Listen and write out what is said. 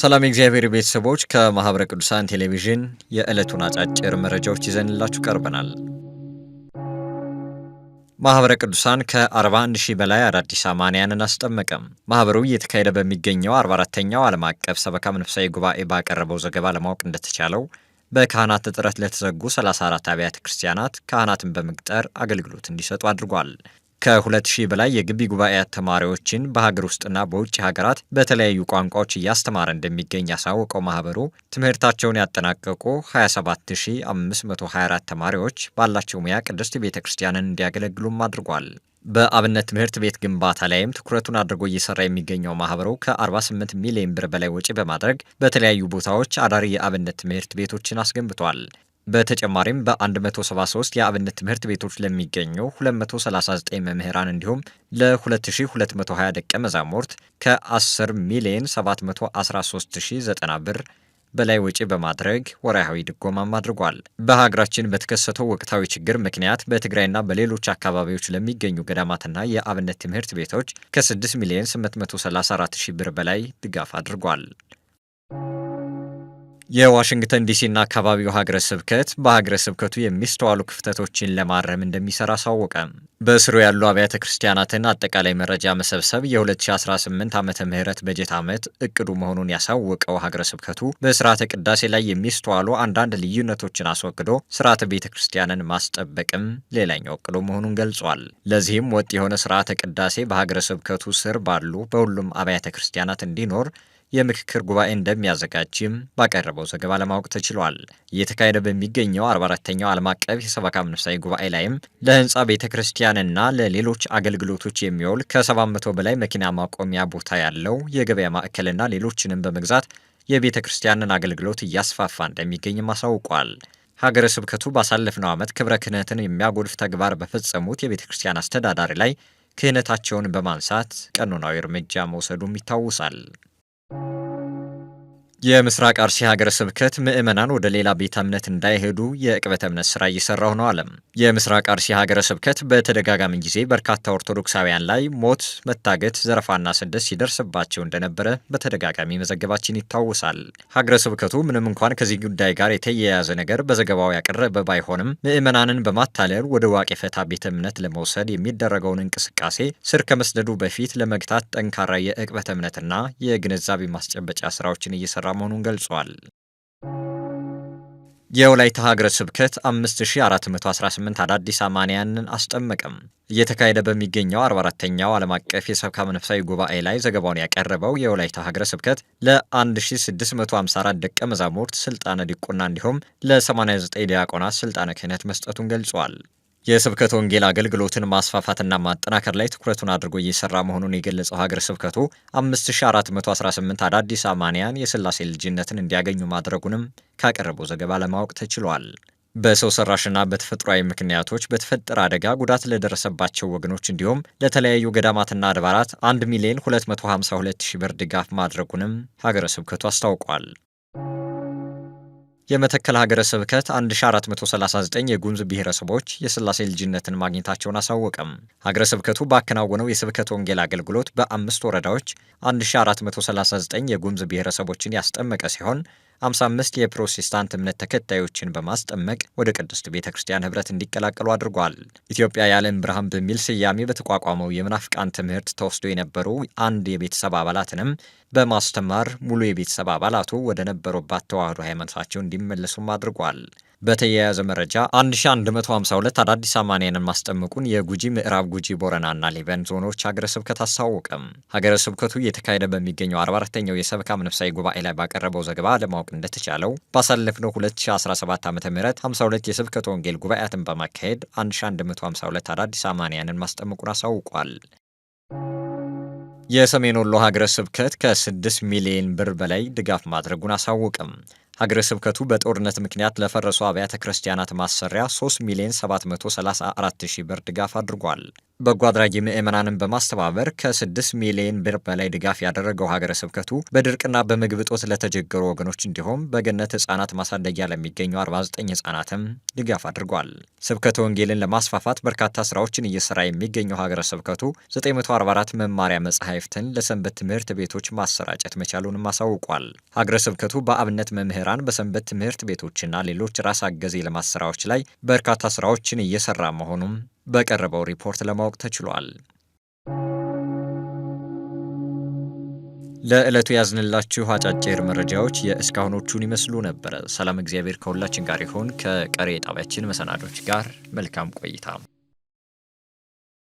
ሰላም የእግዚአብሔር ቤተሰቦች ከማኅበረ ቅዱሳን ቴሌቪዥን የዕለቱን አጫጭር መረጃዎች ይዘንላችሁ ቀርበናል። ማኅበረ ቅዱሳን ከ41 ሺህ በላይ አዳዲስ አማንያንን አስጠመቀም። ማኅበሩ እየተካሄደ በሚገኘው 44ተኛው ዓለም አቀፍ ሰበካ መንፈሳዊ ጉባኤ ባቀረበው ዘገባ ለማወቅ እንደተቻለው በካህናት እጥረት ለተዘጉ 34 አብያተ ክርስቲያናት ካህናትን በመቅጠር አገልግሎት እንዲሰጡ አድርጓል። ከ2000 በላይ የግቢ ጉባኤያት ተማሪዎችን በሀገር ውስጥና በውጭ ሀገራት በተለያዩ ቋንቋዎች እያስተማረ እንደሚገኝ ያሳወቀው ማህበሩ ትምህርታቸውን ያጠናቀቁ 27524 ተማሪዎች ባላቸው ሙያ ቅድስት ቤተ ክርስቲያንን እንዲያገለግሉም አድርጓል። በአብነት ትምህርት ቤት ግንባታ ላይም ትኩረቱን አድርጎ እየሰራ የሚገኘው ማህበሩ ከ48 ሚሊዮን ብር በላይ ወጪ በማድረግ በተለያዩ ቦታዎች አዳሪ የአብነት ትምህርት ቤቶችን አስገንብቷል። በተጨማሪም በ173 የአብነት ትምህርት ቤቶች ለሚገኙ 239 መምህራን እንዲሁም ለ2220 ደቀ መዛሙርት ከ10 ሚሊዮን 713090 ብር በላይ ወጪ በማድረግ ወርሃዊ ድጎማም አድርጓል። በሀገራችን በተከሰተው ወቅታዊ ችግር ምክንያት በትግራይና በሌሎች አካባቢዎች ለሚገኙ ገዳማትና የአብነት ትምህርት ቤቶች ከ6 ሚሊዮን 834000 ብር በላይ ድጋፍ አድርጓል። የዋሽንግተን ዲሲና አካባቢው ሀገረ ስብከት በሀገረ ስብከቱ የሚስተዋሉ ክፍተቶችን ለማረም እንደሚሰራ አሳወቀ። በስሩ ያሉ አብያተ ክርስቲያናትን አጠቃላይ መረጃ መሰብሰብ የ2018 ዓመተ ምህረት በጀት ዓመት እቅዱ መሆኑን ያሳወቀው ሀገረ ስብከቱ በስርዓተ ቅዳሴ ላይ የሚስተዋሉ አንዳንድ ልዩነቶችን አስወግዶ ስርዓተ ቤተ ክርስቲያንን ማስጠበቅም ሌላኛው እቅዱ መሆኑን ገልጿል። ለዚህም ወጥ የሆነ ስርዓተ ቅዳሴ በሀገረ ስብከቱ ስር ባሉ በሁሉም አብያተ ክርስቲያናት እንዲኖር የምክክር ጉባኤ እንደሚያዘጋጅም ባቀረበው ዘገባ ለማወቅ ተችሏል። እየተካሄደ በሚገኘው 44ተኛው ዓለም አቀፍ የሰበካ መንፈሳዊ ጉባኤ ላይም ለህንፃ ቤተ ክርስቲያንና ለሌሎች አገልግሎቶች የሚውል ከ700 በላይ መኪና ማቆሚያ ቦታ ያለው የገበያ ማዕከልና ሌሎችንም በመግዛት የቤተ ክርስቲያንን አገልግሎት እያስፋፋ እንደሚገኝም አሳውቋል። ሀገረ ስብከቱ ባሳለፍነው ዓመት ክብረ ክህነትን የሚያጎድፍ ተግባር በፈጸሙት የቤተ ክርስቲያን አስተዳዳሪ ላይ ክህነታቸውን በማንሳት ቀኖናዊ እርምጃ መውሰዱም ይታወሳል። የምስራቅ አርሲ ሀገረ ስብከት ምእመናን ወደ ሌላ ቤተ እምነት እንዳይሄዱ የእቅበት እምነት ስራ እየሰራ ሆነው አለም። የምስራቅ አርሲ ሀገረ ስብከት በተደጋጋሚ ጊዜ በርካታ ኦርቶዶክሳውያን ላይ ሞት፣ መታገት፣ ዘረፋና ስደት ሲደርስባቸው እንደነበረ በተደጋጋሚ መዘገባችን ይታወሳል። ሀገረ ስብከቱ ምንም እንኳን ከዚህ ጉዳይ ጋር የተያያዘ ነገር በዘገባው ያቀረበ ባይሆንም ምእመናንን በማታለል ወደ ዋቄ ፈታ ቤተ እምነት ለመውሰድ የሚደረገውን እንቅስቃሴ ስር ከመስደዱ በፊት ለመግታት ጠንካራ የእቅበት እምነትና የግንዛቤ ማስጨበጫ ስራዎችን እየሰራ እየሰራ መሆኑን ገልጿል። የወላይታ ሀገረ ስብከት 5418 አዳዲስ አማንያንን አስጠመቀም። እየተካሄደ በሚገኘው 44ተኛው ዓለም አቀፍ የሰብካ መንፈሳዊ ጉባኤ ላይ ዘገባውን ያቀረበው የወላይታ ሀገረ ስብከት ለ1654 ደቀ መዛሙርት ስልጣነ ዲቁና እንዲሁም ለ89 ዲያቆናት ስልጣነ ክህነት መስጠቱን ገልጿል። የስብከት ወንጌል አገልግሎትን ማስፋፋትና ማጠናከር ላይ ትኩረቱን አድርጎ እየሰራ መሆኑን የገለጸው ሀገረ ስብከቱ 5418 አዳዲስ አማንያን የስላሴ ልጅነትን እንዲያገኙ ማድረጉንም ካቀረበው ዘገባ ለማወቅ ተችሏል። በሰው ሰራሽና በተፈጥሯዊ ምክንያቶች በተፈጠረ አደጋ ጉዳት ለደረሰባቸው ወገኖች እንዲሁም ለተለያዩ ገዳማትና አድባራት 1 ሚሊዮን 252 ሺህ ብር ድጋፍ ማድረጉንም ሀገረ ስብከቱ አስታውቋል። የመተከል ሀገረ ስብከት 1439 የጉሙዝ ብሔረሰቦች የስላሴ ልጅነትን ማግኘታቸውን አሳወቀም። ሀገረ ስብከቱ ባከናወነው የስብከት ወንጌል አገልግሎት በአምስት ወረዳዎች 1439 የጉሙዝ ብሔረሰቦችን ያስጠመቀ ሲሆን 55 የፕሮቴስታንት እምነት ተከታዮችን በማስጠመቅ ወደ ቅድስት ቤተ ክርስቲያን ህብረት እንዲቀላቀሉ አድርጓል። ኢትዮጵያ የዓለም ብርሃን በሚል ስያሜ በተቋቋመው የምናፍቃን ትምህርት ተወስዶ የነበሩ አንድ የቤተሰብ አባላትንም በማስተማር ሙሉ የቤተሰብ አባላቱ ወደ ነበሩባት ተዋህዶ ሃይማኖታቸው እንዲመለሱም አድርጓል። በተያያዘ መረጃ 1152 አዳዲስ አማንያንን ማስጠመቁን የጉጂ ምዕራብ ጉጂ ቦረናና ሊበን ዞኖች ሀገረ ስብከት አስታወቀም። ሀገረ ስብከቱ እየተካሄደ በሚገኘው 44ተኛው የሰበካ መንፈሳዊ ጉባኤ ላይ ባቀረበው ዘገባ ለማወቅ እንደተቻለው ባሳለፍነው 2017 ዓ ም 52 የስብከት ወንጌል ጉባኤያትን በማካሄድ 1152 አዳዲስ አማንያንን ማስጠመቁን አሳውቋል። የሰሜን ወሎ ሀገረ ስብከት ከ6 ሚሊዮን ብር በላይ ድጋፍ ማድረጉን አሳወቅም። ሀገረ ስብከቱ በጦርነት ምክንያት ለፈረሱ አብያተ ክርስቲያናት ማሰሪያ 3 ሚሊዮን 734 ሺህ ብር ድጋፍ አድርጓል። በጎ አድራጊ ምእመናንን በማስተባበር ከ6 ሚሊዮን ብር በላይ ድጋፍ ያደረገው ሀገረ ስብከቱ በድርቅና በምግብ እጦት ለተቸገሩ ወገኖች እንዲሁም በገነት ህጻናት ማሳደጊያ ለሚገኙ 49 ህጻናትም ድጋፍ አድርጓል። ስብከተ ወንጌልን ለማስፋፋት በርካታ ስራዎችን እየሰራ የሚገኘው ሀገረ ስብከቱ 944 መማሪያ መጽሐፍትን ለሰንበት ትምህርት ቤቶች ማሰራጨት መቻሉንም አሳውቋል። ሀገረ ስብከቱ በአብነት መምህራን በሰንበት ትምህርት ቤቶችና ሌሎች ራስ አገዝ የልማት ስራዎች ላይ በርካታ ስራዎችን እየሰራ መሆኑም በቀረበው ሪፖርት ለማወቅ ተችሏል። ለዕለቱ ያዝንላችሁ አጫጭር መረጃዎች የእስካሁኖቹን ይመስሉ ነበረ። ሰላም፣ እግዚአብሔር ከሁላችን ጋር ይሆን። ከቀሪ ጣቢያችን መሰናዶች ጋር መልካም ቆይታ